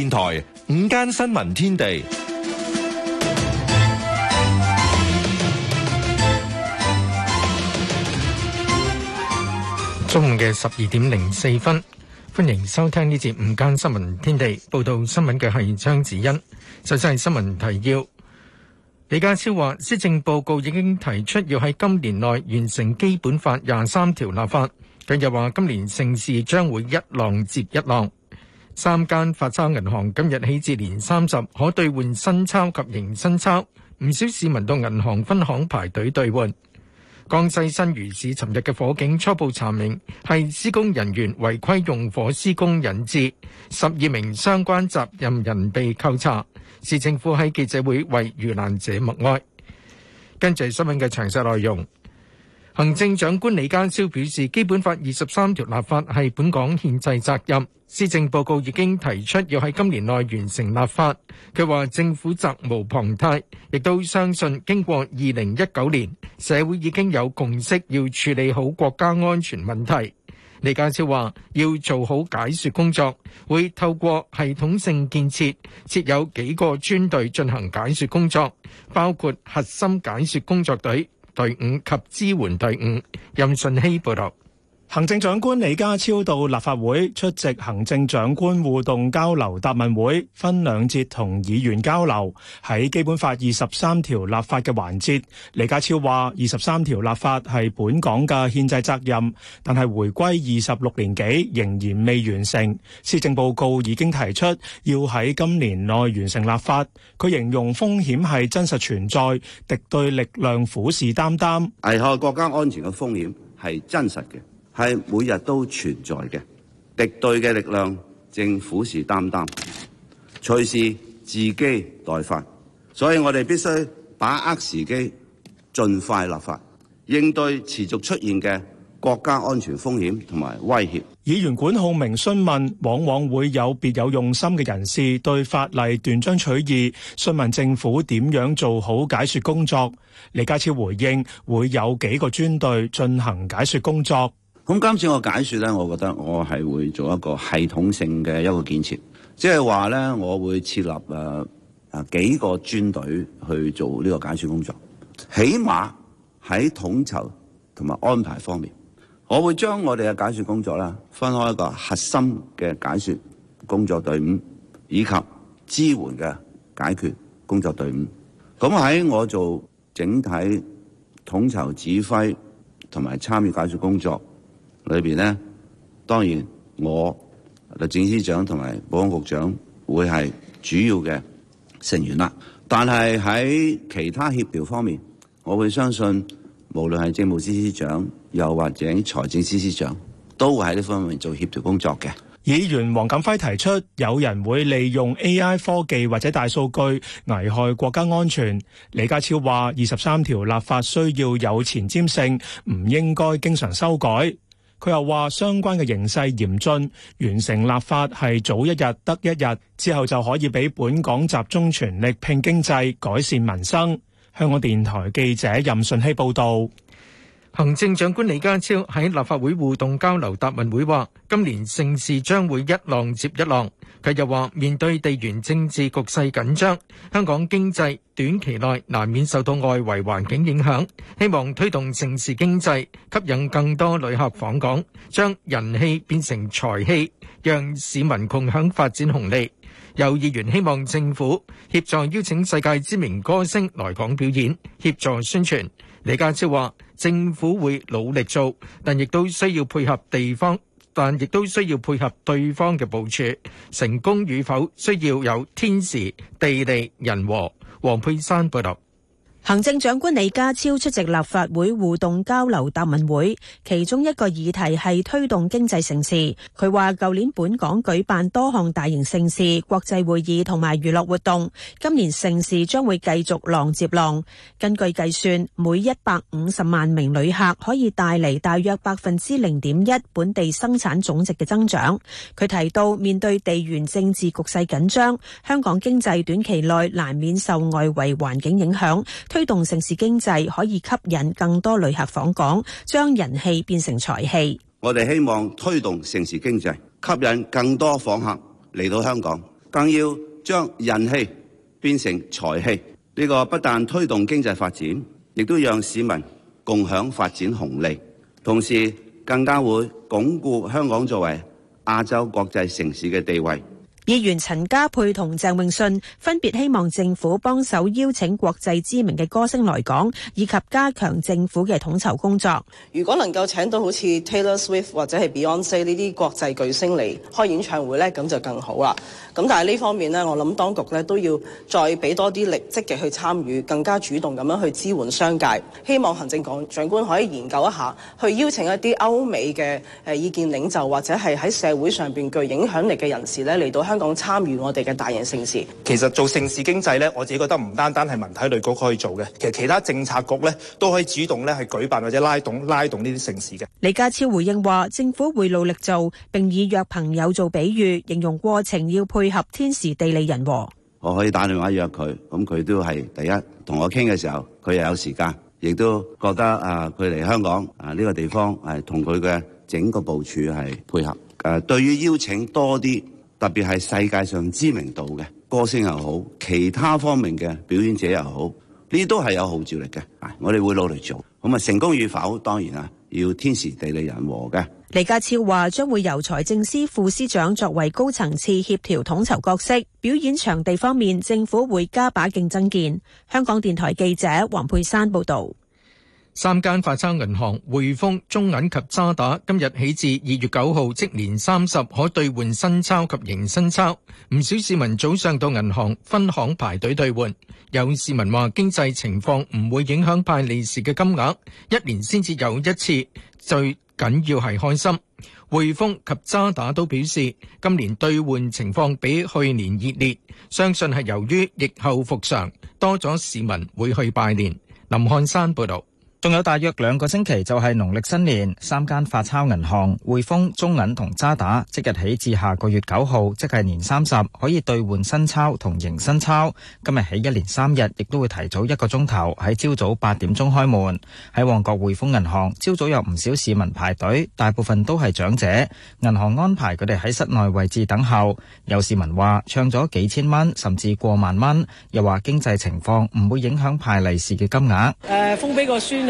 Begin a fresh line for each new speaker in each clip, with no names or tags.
電台午間新聞天地，
中午嘅十二點零四分，歡迎收聽呢節午間新聞天地。報道新聞嘅係張子欣，首先係新聞提要。李家超話，施政報告已經提出要喺今年內完成基本法廿三條立法。佢又話，今年盛事將會一浪接一浪。三間發鈔銀行今日起至年三十可兌換新鈔及迎新鈔，唔少市民到銀行分行排隊兌換。江西新余市，尋日嘅火警初步查明係施工人員違規用火施工引致，十二名相關責任人被扣查。市政府喺記者會為遇難者默哀。跟住新聞嘅詳細內容。行政長官李家超表示，《基本法》二十三條立法係本港憲制責任。施政報告已經提出要喺今年內完成立法。佢話政府責無旁貸，亦都相信經過二零一九年，社會已經有共識要處理好國家安全問題。李家超話要做好解説工作，會透過系統性建設設有幾個專隊進行解説工作，包括核心解説工作隊。隊伍及支援隊伍，任順熙報道。行政
長官李家超到立法會出席行政長官互動交流答問會，分兩節同議員交流。喺《基本法》二十三條立法嘅環節，李家超話：二十三條立法係本港嘅憲制責任，但係回歸二十六年幾仍然未完成。施政報告已經提出要喺今年內完成立法。佢形容風險係真實存在，敵對力量虎視眈眈，
危害國家安全嘅風險係真實嘅。係每日都存在嘅敵對嘅力量，正虎視眈眈，隨時伺機待發。所以我哋必須把握時機，盡快立法，應對持續出現嘅國家安全風險同埋威脅。
議員管浩明詢問，往往會有別有用心嘅人士對法例斷章取義，詢問政府點樣做好解説工作。李家超回應，會有幾個專隊進行解説工作。
咁今次我解説呢，我覺得我係會做一個系統性嘅一個建設，即係話呢，我會設立誒啊、呃、幾個專隊去做呢個解説工作。起碼喺統籌同埋安排方面，我會將我哋嘅解説工作呢，分開一個核心嘅解説工作隊伍，以及支援嘅解決工作隊伍。咁喺我做整體統籌、指揮同埋參與解説工作。裏邊呢，當然我律政司長同埋保安局長會係主要嘅成員啦。但係喺其他協調方面，我會相信無論係政務司司長又或者財政司司長，都會喺呢方面做協調工作嘅。
議員黃錦輝提出有人會利用 AI 科技或者大數據危害國家安全。李家超話：二十三條立法需要有前瞻性，唔應該經常修改。佢又話：相關嘅形勢嚴峻，完成立法係早一日得一日，之後就可以俾本港集中全力拼經濟、改善民生。香港電台記
者任順希報導。行政長官李家超喺立法會互動交流答問會話：今年盛事將會一浪接一浪。佢又話：面對地緣政治局勢緊張，香港經濟短期內難免受到外圍環境影響。希望推動城市經濟，吸引更多旅客訪港，將人氣變成財氣，讓市民共享發展紅利。有議員希望政府協助邀請世界知名歌星來港表演，協助宣傳。李家超話：政府會努力做，但亦都需要配合地方。但亦都需要配合對方嘅部署，成功與否需要有天時地利人和。黃佩珊報道。
行政長官李家超出席立法會互動交流答問會，其中一個議題係推動經濟盛事。佢話：舊年本港舉辦多項大型盛事、國際會議同埋娛樂活動，今年盛事將會繼續浪接浪。根據計算，每一百五十萬名旅客可以帶嚟大約百分之零點一本地生產總值嘅增長。佢提到，面對地緣政治局勢緊張，香港經濟短期內難免受外圍環境影響。推動城市經濟可以吸引更多旅客訪港，將人氣變成財氣。
我哋希望推動城市經濟，吸引更多訪客嚟到香港，更要將人氣變成財氣。呢個不但推動經濟發展，亦都讓市民共享發展紅利，同時更加會鞏固香港作為亞洲國際城市嘅地位。
議員陳家沛同鄭永信分別希望政府幫手邀請國際知名嘅歌星來港，以及加強政府嘅統籌工作。如果能夠請到好似 Taylor Swift 或者係 Beyonce 呢啲國際巨星嚟開演唱會呢，咁就更好啦。咁但係呢方面呢，我諗當局咧都要再俾多啲力，積極去參與，更加主動咁樣去支援商界。希望行政長長官可以研究一下，去邀請一啲歐美嘅誒意見領袖或者係喺社會上邊具影響力嘅人士咧嚟到。香港參與我哋嘅大型盛事，
其實做盛事經濟呢，我自己覺得唔單單係文體類局可以做嘅，其實其他政策局呢，都可以主動咧係舉辦或者拉動拉動呢啲盛事嘅。
李家超回應話，政府會努力做，並以約朋友做比喻，形容過程要配合天時地利
人和。我可以打電話約佢，咁佢都係第一同我傾嘅時候，佢又有時間，亦都覺得啊，佢嚟香港啊呢個地方係同佢嘅整個部署係配合。誒，對於邀請多啲。特別係世界上知名度嘅，歌星又好，其他方面嘅表演者又好，呢都係有號召力嘅。我哋會努力做，咁啊成功與否，當然啊要天時地利人和嘅。
李家超話將會由財政司副司長作為高層次協調統籌角色，表演場地方面，政府會加把勁增建。香港電台記者黃佩珊報導。
三間發鈔銀行匯豐、中銀及渣打今日起至二月九號，即年三十可兌換新鈔及迎新鈔。唔少市民早上到銀行分行排隊兌換。有市民話：經濟情況唔會影響派利是嘅金額，一年先至有一次，最緊要係開心。匯豐及渣打都表示，今年兌換情況比去年熱烈，相信係由於疫後復常，多咗市民會去拜年。林漢
山報道。仲有大約兩個星期就係農曆新年，三間發鈔銀行匯豐、中銀同渣打即日起至下個月九號，即係年三十，可以兌換新鈔同迎新鈔。今日起一連三日，亦都會提早一個鐘頭喺朝早八點鐘開門。喺旺角匯豐銀行，朝早有唔少市民排隊，大部分都係長者。銀行安排佢哋喺室內位置等候。有市民話，唱咗幾千蚊，甚至過萬蚊，又話經濟情況唔會影響派利是嘅金額。誒、呃，
封俾個孫。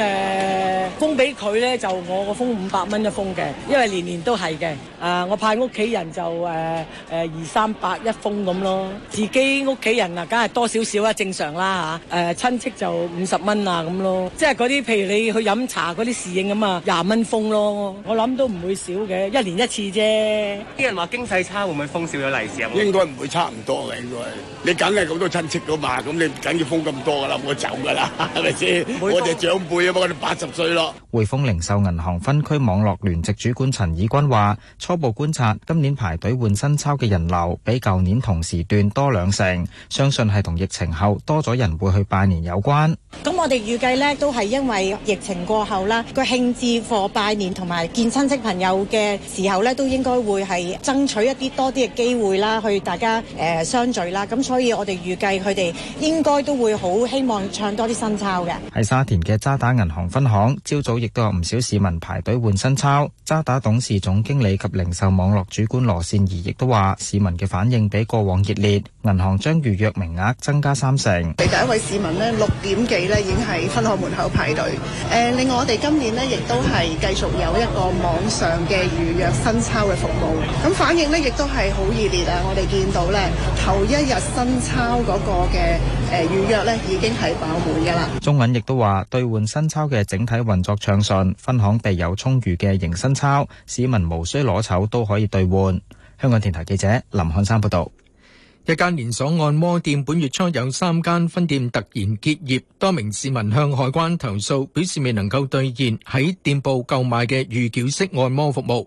誒，封俾佢咧，就我個封五百蚊一封嘅，因為年年都係嘅。啊，我派屋企人就誒誒二三百一封咁咯，自己屋企人啊，梗係多少少啦，正常啦吓。誒，親戚就五十蚊啊咁咯，即係嗰啲譬如你去飲茶嗰啲侍應咁啊，廿蚊封咯。我諗都唔會少嘅，
一年一次啫。
啲人話經濟差會唔會封少咗利是啊？應該唔會，差唔多嘅應
該，
你梗係咁多親戚噶嘛，咁你梗要封咁多噶啦，冇得走噶啦，係咪先？我哋長輩。八十歲
咯。匯豐零售銀行分區網絡聯席主管陳以君話，初步觀察今年排隊換新鈔嘅人流比舊年同時段多兩成，相信係同疫情後多咗人會去拜年有關。
咁我哋預計咧，都係因為疫情過後啦，個興致，貨拜年同埋見親戚朋友嘅時候咧，都應該會係爭取一啲多啲嘅機會啦，去大家誒、呃、相聚啦。咁所以我哋預計佢哋應該都會好希望唱多啲新鈔嘅。
喺沙田嘅渣打銀行分行朝早亦都有唔少市民排隊換新鈔。渣打董事總經理及零售網絡主管羅善儀亦都話，市民嘅反應比過往熱烈，銀行將預約名額增加三成。
第一位市民呢，六點幾呢已經喺分行門口排隊。誒，另外我哋今年呢，亦都係繼續有一個網上嘅預約新鈔嘅服務。咁反應呢，亦都係好熱烈啊！我哋見到呢頭一日新鈔嗰個嘅。誒預約咧已經係飽滿
噶啦。中銀亦都話，兌換新鈔嘅整體運作暢順，分行備有充裕嘅迎新鈔，市民無需攞籌都可以兌換。香港電台記者林漢山報導。一間連
鎖按摩店本月初有三間分店突然結業，多名市民向海關投訴，表示未能夠兌現喺店鋪購買嘅預繳式按摩服務。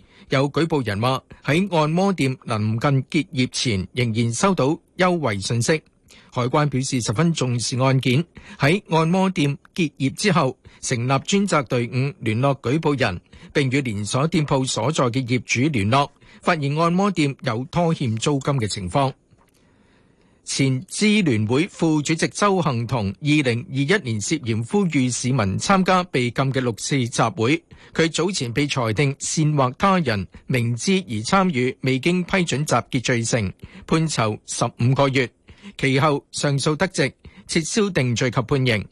有舉報人話：喺按摩店臨近結業前，仍然收到優惠信息。海關表示十分重視案件，喺按摩店結業之後，成立專責隊伍聯絡舉報人，並與連鎖店鋪所在嘅業主聯絡，發現按摩店有拖欠租金嘅情況。前支聯會副主席鄒幸彤二零二一年涉嫌呼籲市民參加被禁嘅六次集會。佢早前被裁定煽惑他人明知而參與未經批准集結罪成，判囚十五個月。其後上訴得直，撤銷定罪及判刑。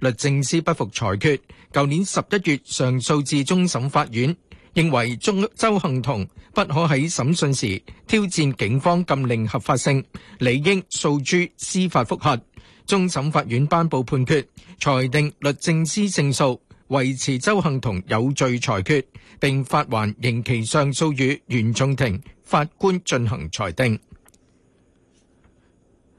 律政司不服裁決，舊年十一月上訴至終審法院。認為中周幸彤不可喺審訊時挑戰警方禁令合法性，理應訴諸司法複核。終審法院頒布判決，裁定律政司勝訴，維持周幸彤有罪裁決，並發還刑期上訴予原訟庭法官進行裁定。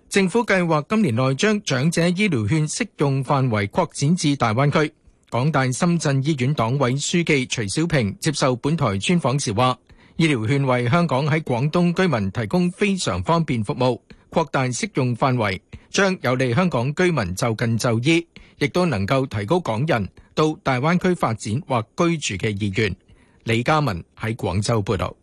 政府計劃今年內將長者醫療券適用範圍擴展至大灣區。港大深圳醫院黨委書記徐小平接受本台專訪時話，醫療券為香港喺廣東居民提供非常方便服務，擴大適用範圍，將有利香港居民就近就醫，亦都能夠提高港人到大灣區發展或居住嘅意願。李嘉文喺廣州報道。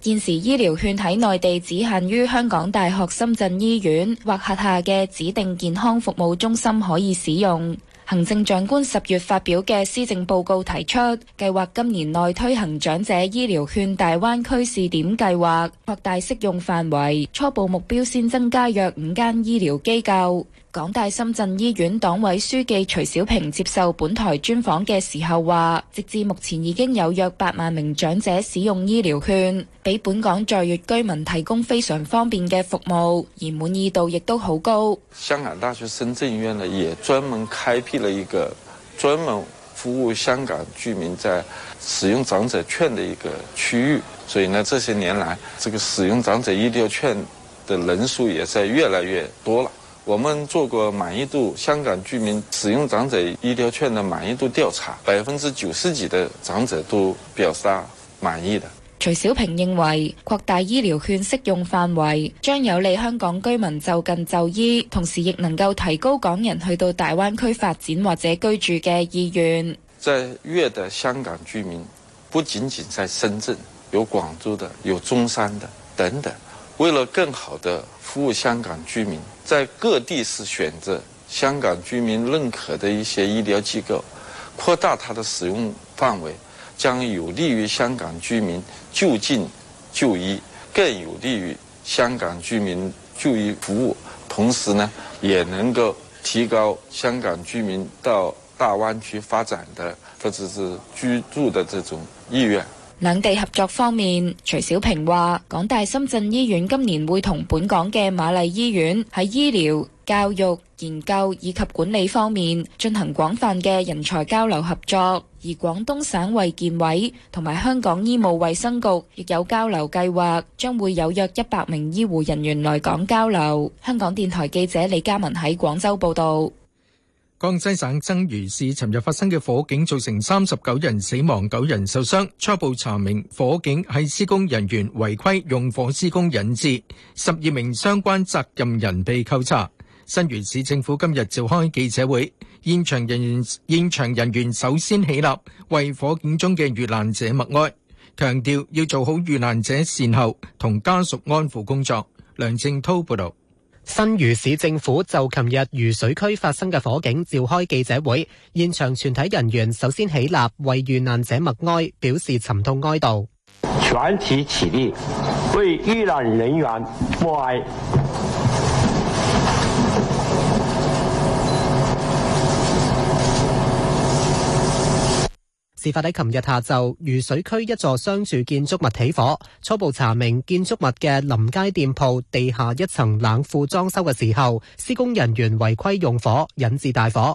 現時醫療券喺內地只限於香港大學深圳醫院或轄下嘅指定健康服務中心可以使用。行政長官十月發表嘅施政報告提出，計劃今年內推行長者醫療券大灣區試點計劃，擴大適用範圍，初步目標先增加約五間醫療機構。港大深圳醫院黨委書記徐小平接受本台專訪嘅時候話，直至目前已經有約八萬名長者使用醫療券，俾本港在粵居民提供非常方便嘅服務，而滿意度亦都好高。
香港大學深圳醫院呢，也專門開闢了一個專門服務香港居民在使用長者券的一個區域，所以呢，這些年來，這個使用長者醫療券的人數也在越來越多了。我們做過滿意度，香港居民使用長者醫療券的滿意度調查，百分之九十幾的長者都表示滿意的。徐
小平認為，擴大醫療券適用範圍將有利香港居民就近就醫，同時亦能夠提高港人去到大灣區發展或者居住嘅意願。
在粵的香港居民，不僅僅在深圳，有廣州的，有中山的等等。為了更好的服務香港居民。在各地市選擇香港居民認可的一些醫療機構，擴大它的使用範圍，將有利於香港居民就近就醫，更有利於香港居民就醫服務，同時呢，也能夠提高香港居民到大灣區發展的或者是居住的這種意願。
兩地合作方面，徐小平話：港大深圳醫院今年會同本港嘅瑪麗醫院喺醫療、教育、研究以及管理方面進行廣泛嘅人才交流合作。而廣東省衛健委同埋香港醫務衛生局亦有交流計劃，將會有約一百名醫護人員來港交流。香港電台記者李嘉文喺廣州報道。
江西省新余市尋日發生嘅火警造成三十九人死亡、九人受傷，初步查明火警係施工人員違規用火施工引致，十二名相關責任人被扣查。新余市政府今日召開記者會，現場人員現場人員首先起立為火警中嘅遇難者默哀，強調要做好遇難者善後同家屬安撫工作。梁正濤報道。新
余市政府就琴日渝水區發生嘅火警召開記者會，現場全體人員首先起立為遇難者默哀，表示沉痛哀悼。
全體起立，為遇難人員默哀。
事發喺琴日下晝，渝水區一座商住建築物起火。初步查明，建築物嘅臨街店鋪地下一層冷庫裝修嘅時候，施工人員違規用火，引致大火。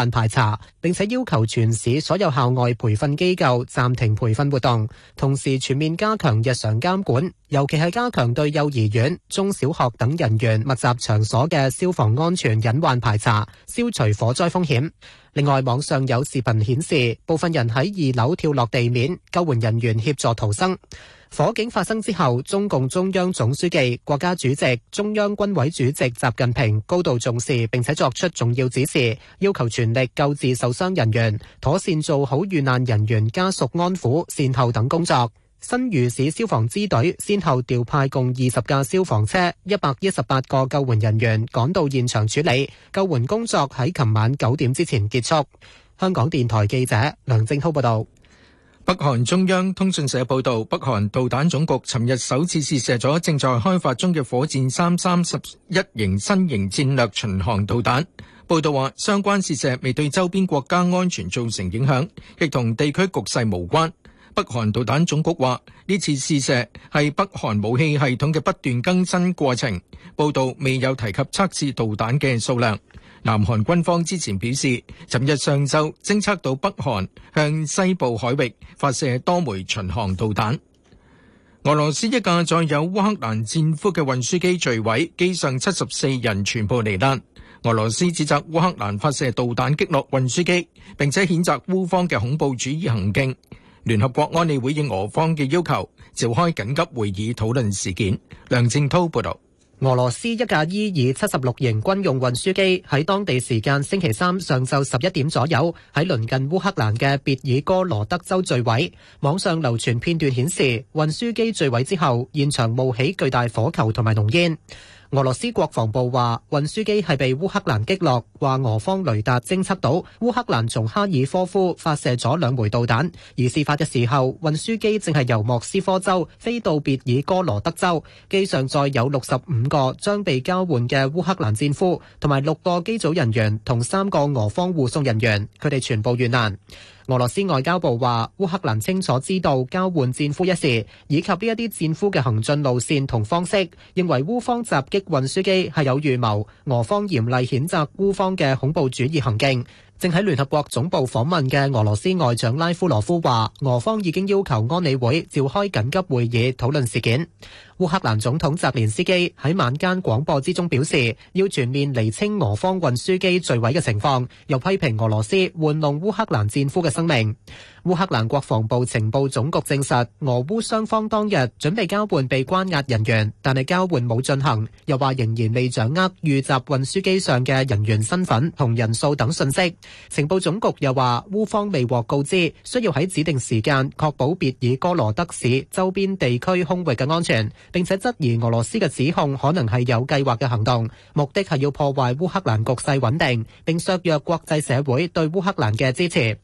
排查，並且要求全市所有校外培訓機構暫停培訓活動，同時全面加強日常監管，尤其係加強對幼兒園、中小學等人員密集場所嘅消防安全隱患排查，消除火災風險。另外，網上有視頻顯示，部分人喺二樓跳落地面，救援人員協助逃生。火警發生之後，中共中央總書記、國家主席、中央軍委主席習近平高度重視，並且作出重要指示，要求全力救治受傷人員，妥善做好遇難人員家屬安撫善後等工作。新余市消防支隊先後調派共二十架消防車、一百一十八個救援人員趕到現場處理。救援工作喺琴晚九點之前結束。香港
電台記者梁正浩報道。北韓中央通訊社報道，北韓導彈總局尋日首次試射咗正在開發中嘅火箭三三十一型新型戰略巡航導彈。報道話，相關試射未對周邊國家安全造成影響，亦同地區局勢無關。北韓導彈總局話，呢次試射係北韓武器系統嘅不斷更新過程。報道未有提及測試導彈嘅數量。南韓軍方之前表示，尋日上晝偵測到北韓向西部海域發射多枚巡航導彈。俄羅斯一架載有烏克蘭戰俘嘅運輸機墜毀，機上七十四人全部罹難。俄羅斯指責烏克蘭發射導彈擊落運輸機，並且譴責烏方嘅恐怖主義行徑。聯合國安理會應俄方嘅要求，召開緊急會議討論事件。梁正滔報導。俄羅斯一架伊爾七十
六型軍用運輸機喺當地時間星期三上晝十一點左右，喺鄰近烏克蘭嘅別爾哥羅德州墜毀。網上流傳片段顯示，運輸機墜毀之後，現場冒起巨大火球同埋濃煙。俄羅斯國防部話運輸機係被烏克蘭擊落，話俄方雷達偵測到烏克蘭從哈爾科夫發射咗兩枚導彈。而事發嘅時候，運輸機正係由莫斯科州飛到別爾哥羅德州，機上載有六十五個將被交換嘅烏克蘭戰俘，同埋六個機組人員同三個俄方護送人員，佢哋全部遇難。俄羅斯外交部話烏克蘭清楚知道交換戰俘一事，以及呢一啲戰俘嘅行進路線同方式，認為烏方襲擊運輸機係有預謀。俄方嚴厲譴責烏方嘅恐怖主義行徑。正喺聯合國總部訪問嘅俄羅斯外長拉夫羅夫話，俄方已經要求安理會召開緊急會議討論事件。烏克蘭總統澤連斯基喺晚間廣播之中表示，要全面釐清俄方運輸機墜毀嘅情況，又批評俄羅斯玩弄烏克蘭戰俘嘅生命。烏克蘭國防部情報總局證實，俄烏雙方當日準備交換被關押人員，但係交換冇進行，又話仍然未掌握遇襲運輸機上嘅人員身份同人數等信息。情報總局又話，烏方未獲告知需要喺指定時間確保別爾哥羅德市周邊地區空域嘅安全，並且質疑俄羅斯嘅指控可能係有計劃嘅行動，目的係要破壞烏克蘭局勢穩定，並削弱國際社會對烏克蘭嘅支持。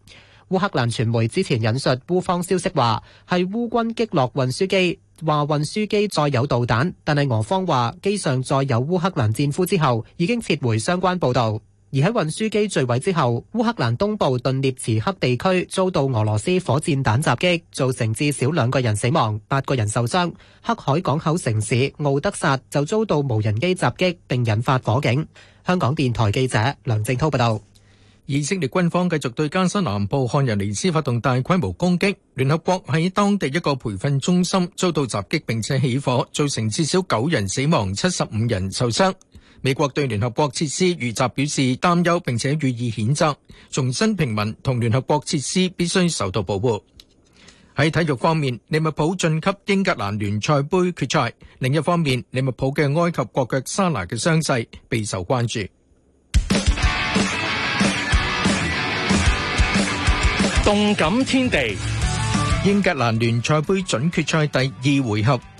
烏克蘭傳媒之前引述烏方消息話，係烏軍擊落運輸機，話運輸機載有導彈，但係俄方話機上載有烏克蘭戰俘之後，已經撤回相關報導。而喺運輸機墜毀之後，烏克蘭東部頓涅茨克地區遭到俄羅斯火箭彈襲擊，造成至少兩個人死亡、八個人受傷。黑海港口城市敖德薩就遭到無人機襲擊並引發
火警。香港電台記者梁正滔報導。以色列軍方繼續對加沙南部漢人尼斯發動大規模攻擊，聯合國喺當地一個培訓中心遭到襲擊並且起火，造成至少九人死亡、七十五人受傷。美國對聯合國設施遇襲表示擔憂，並且予以譴責，重申平民同聯合國設施必須受到保護。喺體育方面，利物浦晉級英格蘭聯賽杯決賽；另一方面，利物浦嘅埃及國腳沙拿嘅傷勢備受關注。動感天地，英格蘭聯賽杯準決賽第二回合。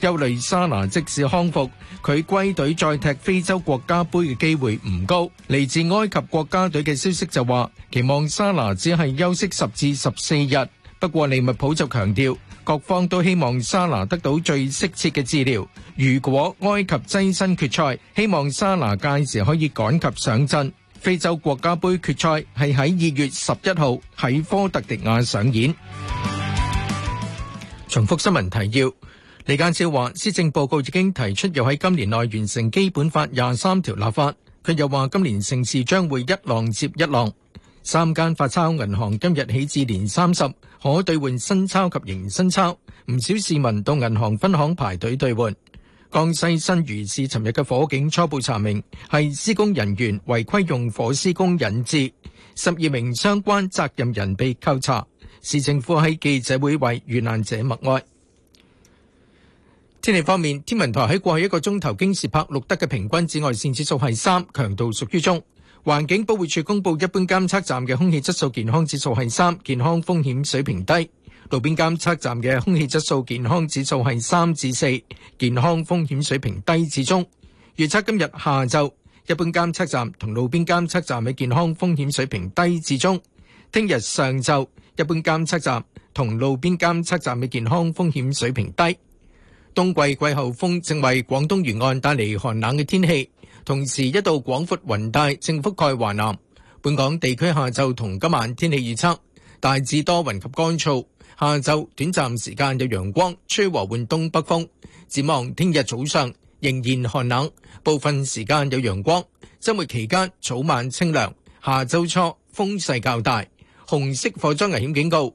憂慮沙拿即使康復，佢歸隊再踢非洲國家杯嘅機會唔高。嚟自埃及國家隊嘅消息就話，期望沙拿只係休息十至十四日。不過利物浦就強調，各方都希望沙拿得到最適切嘅治療。如果埃及躋身決賽，希望沙拿屆時可以趕及上陣。非洲國家杯決賽係喺二月十一號喺科特迪瓦上演。重複新聞提要。李家超話，施政報告已經提出要喺今年內完成基本法廿三條立法。佢又話，今年盛事將會一浪接一浪。三間發鈔銀行今日起至年三十可兌換新鈔及迎新鈔。唔少市民到銀行分行排隊兌換。江西新余市尋日嘅火警初步查明係施工人員違規用火施工引致。十二名相關責任人被扣查。市政府喺記者會為遇難者默哀。天氣方面，天文台喺過去一個鐘頭經京士柏錄得嘅平均紫外線指數係三，強度屬於中。環境保護署公布一般監測站嘅空氣質素健康指數係三，健康風險水平低；路邊監測站嘅空氣質素健康指數係三至四，健康風險水平低至中。預測今日下晝一般監測站同路邊監測站嘅健康風險水平低至中。聽日上晝一般監測站同路邊監測站嘅健康風險水平低。冬季季候風正為廣東沿岸帶嚟寒冷嘅天氣，同時一道廣闊雲帶正覆蓋華南。本港地區下晝同今晚天氣預測大致多雲及乾燥，下晝短暫時間有陽光，吹和緩東北風，展望聽日早上仍然寒冷，部分時間有陽光。週末期間早晚清涼，下週初風勢較大，紅色火災危險警告。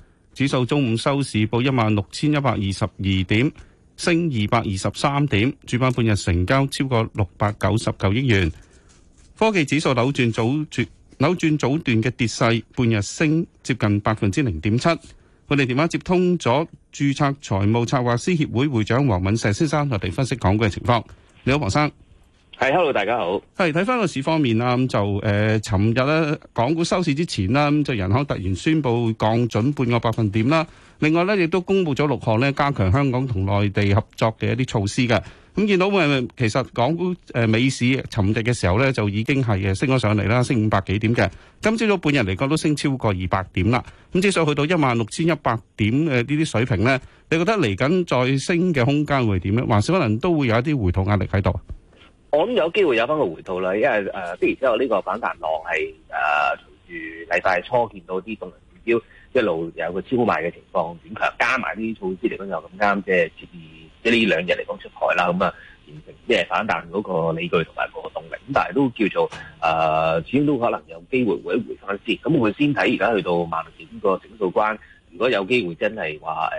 指數中午收市報一萬六千一百二十二點，升二百二十三點，主板半日成交超過六百九十九億元。科技指數扭轉早扭轉早段嘅跌勢，半日升接近百分之零點七。我哋電話接通咗注冊財務策劃師協會會長黃敏石先生，同你分析港股嘅情況。你好，黃生。hello 大家好。係睇翻個市方面啦，咁、嗯、就誒，尋日咧，港股收市之前啦，咁、嗯、就銀行突然宣布降準半個百分點啦。另外咧，亦都公布咗六項咧加強香港同內地合作嘅一啲措施嘅。咁、嗯、見到其實港股誒、呃，美市沉寂嘅時候咧，就已經係誒升咗上嚟啦，升五百幾點嘅。今朝早半日嚟講都升超過二百點啦。咁至少去到一萬六千一百點呢啲水平咧，你覺得嚟緊再升嘅空間會點咧？還是可能都會有一啲回吐壓力喺度？
我諗有機會有翻個回到啦，因為誒，即然之後呢個反彈浪係誒隨住禮拜初見到啲動能指標一路有個超賣嘅情況轉強，加埋啲措施嚟講又咁啱，即係設置即係呢兩日嚟講出台啦，咁啊形成即係反彈嗰個理據同埋個動力。咁但係都叫做誒、呃，始終都可能有機會會回翻先。咁我先睇而家去到萬六點個整數關，如果有機會真係話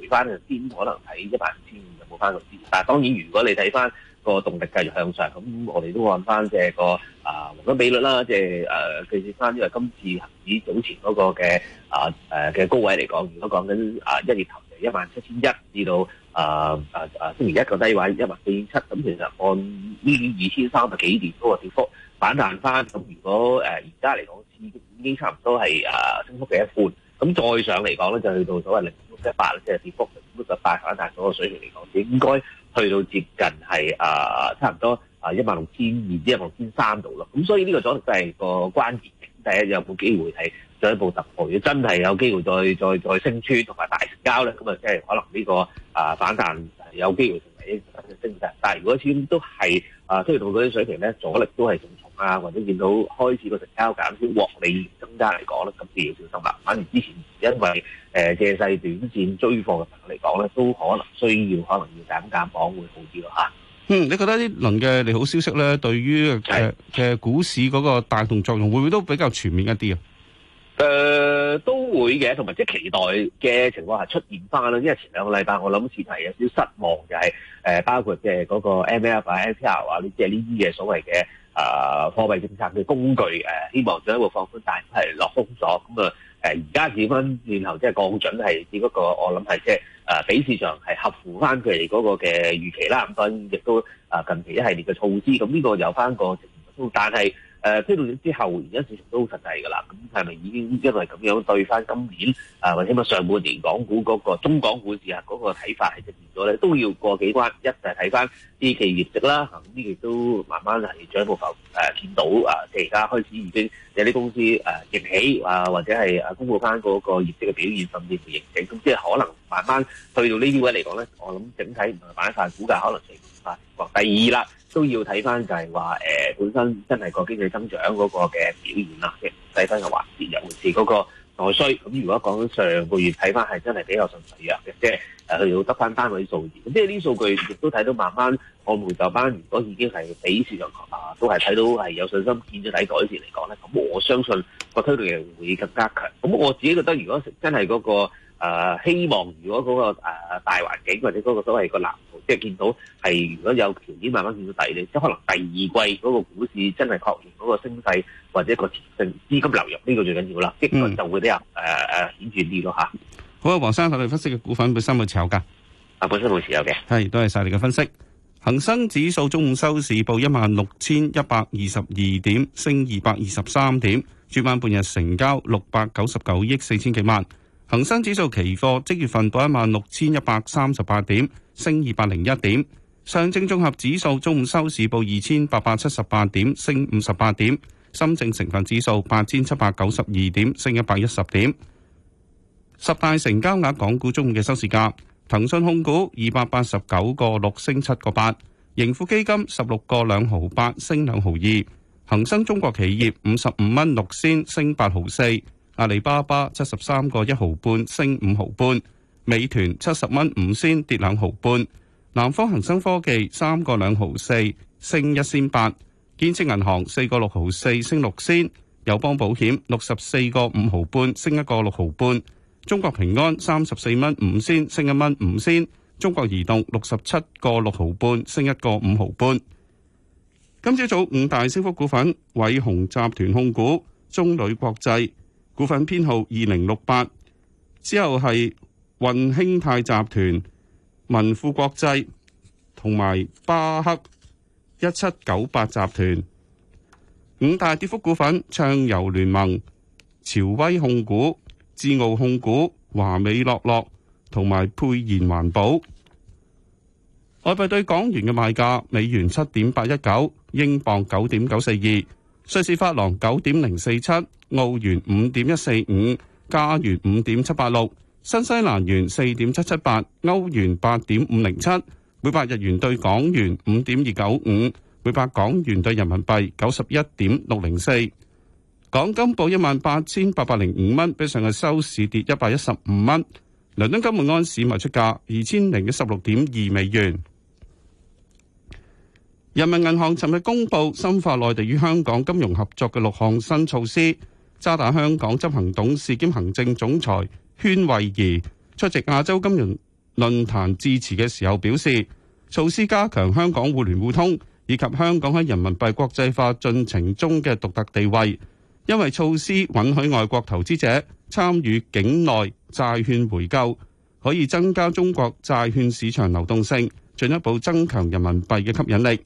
誒回翻，先可能睇一萬五千五就冇翻個先。但係當然如果你睇翻。個動力繼續向上，咁我哋都看翻即係個啊黃金比率啦，即係誒計算翻，因為今次恆指早前嗰個嘅啊誒嘅高位嚟講，如果講緊啊一月頭就一萬七千一，至到啊啊啊星期一個低位一萬四千七，咁其實按呢二千三百幾點嗰個跌幅反彈翻，咁如果誒而家嚟講已經差唔多係啊升幅嘅一半，咁再上嚟講咧就去到所謂零點六八，即係跌幅零點六八反彈嗰個水平嚟講，應該。去到接近係啊，差唔多啊一萬六千二、至一萬六千三度咯。咁所以呢個阻力就係個關鍵。第一有冇機會係進一步突破？如果真係有機會再、再、再升穿同埋大成交咧，咁啊即係可能呢個啊反彈有機會成為一個升勢。但係如果始終都係啊，推動嗰啲水平咧，阻力都係重。啊，或者見到開始個成交減少、獲利增加嚟講咧，咁就要小心啦、啊。反而之前因為誒借勢短線追貨嘅朋友嚟講咧，都可能需要可能要減減磅會好啲咯嚇。
嗯，你覺得呢輪嘅利好消息咧，對於嘅嘅、呃、是股市嗰個帶動作用，會唔會都比較全面一啲啊？誒、
呃，都會嘅，同埋即係期待嘅情況係出現翻啦。因為前兩個禮拜我諗似係有少失望、就是，就係誒包括即嗰個 MF 啊、NPR 啊，你即係呢啲嘅所謂嘅。誒、啊、貨幣政策嘅工具誒、啊，希望進一步放寬，但係落空咗。咁啊誒，而家點翻？然後即係降準係只不過我，我諗係即係誒，畀市場係合乎翻佢哋嗰個嘅預期啦。咁當然亦都啊，近期一系列嘅措施，咁呢個有翻個，但係。誒推動咗之後，而家市場都好實際㗎啦。咁係咪已經因為咁樣對翻今年啊，或者起碼上半年港股嗰個中港股市啊嗰個睇法係出現咗咧？都要過幾關，一就係睇翻呢期業績啦。咁呢期都慢慢係進一步浮誒見到啊，即係而家開始已經有啲公司誒逆起啊，或者係公佈翻嗰個業績嘅表現，甚至乎形整。咁即係可能慢慢去到呢啲位嚟講咧，我諗整體唔係板塊估價可能隨第二啦，都要睇翻就係話誒本身真係個經濟增長嗰個嘅表現啦，即係睇返又話是有回事嗰個內需。咁如果講上個月睇翻係真係比較順水約嘅，即係佢要得翻單位數字。即係呢數據亦都睇到慢慢，我們就班如果已經係畀市場啊都係睇到係有信心見咗底改善嚟講咧，咁我相信個推動力會更加強。咁我自己覺得，如果真係嗰、嗰個，誒，希望如果嗰個誒大環境或者嗰個所謂個藍圖，即、就、係、是、見到係如果有條件慢慢見到第二，即可能第二季嗰個股市真係確認嗰個升勢，或者個錢資金流入呢個最緊要啦，基本、嗯、就會比較誒誒顯著啲咯
吓。呃、好啊，黃生，我哋分析嘅股份本身有冇持有噶？啊，本身會持有嘅。係，多謝晒你嘅分析。恒生指數中午收市報一萬六千一百二十二點，升二百二十三點。主板半日成交六百九十九億四千幾萬。恒生指數期貨即月份報一萬六千一百三十八點，升二百零一點。上證綜合指數中午收市報二千八百七十八點，升五十八點。深證成分指數八千七百九十二點，升一百一十點。十大成交額港股中午嘅收市價：騰訊控股二百八十九個六升七個八，盈富基金十六個兩毫八升兩毫二，恒生中國企業五十五蚊六仙升八毫四。阿里巴巴七十三個一毫半，升五毫半；美團七十蚊五仙，跌兩毫半；南方恒生科技三個兩毫四，升一仙八；建設銀行四個六毫四，升六仙；友邦保險六十四個五毫半，升一個六毫半；中國平安三十四蚊五仙，升一蚊五仙；中國移動六十七個六毫半，升一個五毫半。今朝早五大升幅股份：偉鴻集團控股、中旅國際。股份編號二零六八，之後係運興泰集團、民富國際同埋巴克一七九八集團。五大跌幅股份：暢遊聯盟、潮威控股、智奧控股、華美樂樂同埋沛然環保。外幣對港元嘅賣價：美元七點八一九，英鎊九點九四二，瑞士法郎九點零四七。澳元五點一四五，加元五點七八六，新西蘭元四點七七八，歐元八點五零七，每百日元兌港元五點二九五，每百港元兌人民幣九十一點六零四。港金報一萬八千八百零五蚊，比上日收市跌一百一十五蚊。倫敦金每安市賣出價二千零一十六點二美元。人民銀行尋日公布深化內地與香港金融合作嘅六項新措施。渣打香港執行董事兼行政總裁禤惠儀出席亞洲金融論壇致辭嘅時候表示，措施加強香港互聯互通以及香港喺人民幣國際化進程中嘅獨特地位，因為措施允許外國投資者參與境內債券回購，可以增加中國債券市場流動性，進一步增強人民幣嘅吸引力。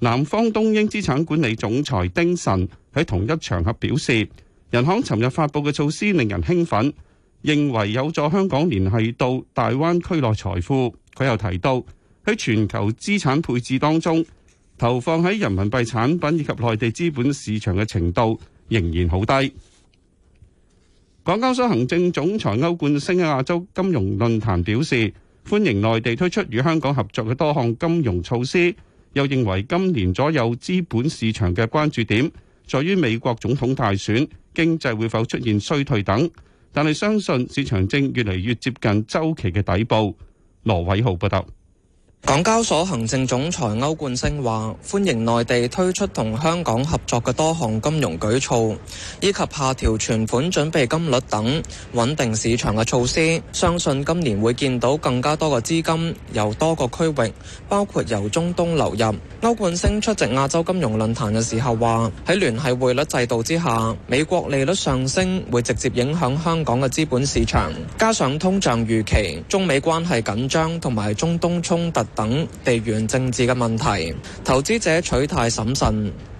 南方東英資產管理總裁丁晨喺同一場合表示，人行尋日發布嘅措施令人興奮，認為有助香港聯繫到大灣區內財富。佢又提到，喺全球資產配置當中，投放喺人民幣產品以及內地資本市場嘅程度仍然好低。港交所行政總裁歐冠升喺亞洲金融論壇表示，歡迎內地推出與香港合作嘅多項金融措施，又認為今年左右資本市場嘅關注點在於美國總統大選。經濟會否出現衰退等，但係相信市場正越來越接近週期嘅底部。羅偉豪報道。港交所行政總裁歐冠昇話：
歡迎內地推出同香港合作嘅多項金融舉措，以及下調存款準備金率等穩定市場嘅措施。相信今年會見到更加多嘅資金由多個區域，包括由中東流入。歐冠昇出席亞洲金融論壇嘅時候話：喺聯繫匯率制度之下，美國利率上升會直接影響香港嘅資本市場，加上通脹預期、中美關係緊張同埋中東衝突。等地緣政治嘅問題，投資者取態審慎。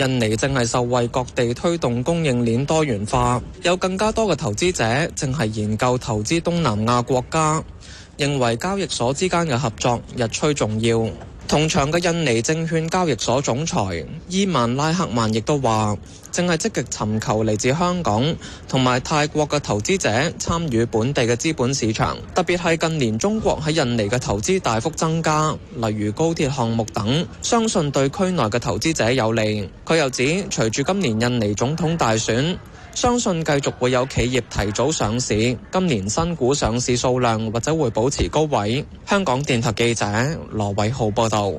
印尼正係受惠各地推動供應鏈多元化，有更加多嘅投資者正係研究投資東南亞國家，認為交易所之間嘅合作日趨重要。同場嘅印尼證券交易所總裁伊曼拉克曼亦都話，正係積極尋求嚟自香港同埋泰國嘅投資者參與本地嘅資本市場，特別係近年中國喺印尼嘅投資大幅增加，例如高鐵項目等，相信對區內嘅投資者有利。佢又指，隨住今年印尼總統大選，相信繼續會有企業提早上市，今年新股上市數量或者會保持高位。香港電台記者羅偉浩報道。